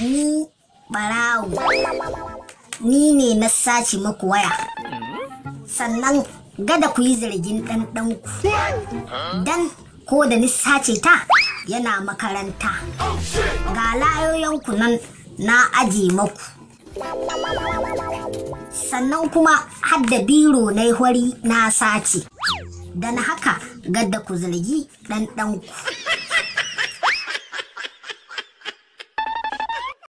Ni barawo. Ni ne na sace maku waya. Sannan gada ku yi zargin ɗanɗanku. Dan ko da ni sace ta yana makaranta. Ga layoyinku nan na aje maku. Sannan kuma hadda biro na hwari na sace. Dan haka gada ku zargi ɗanɗanku.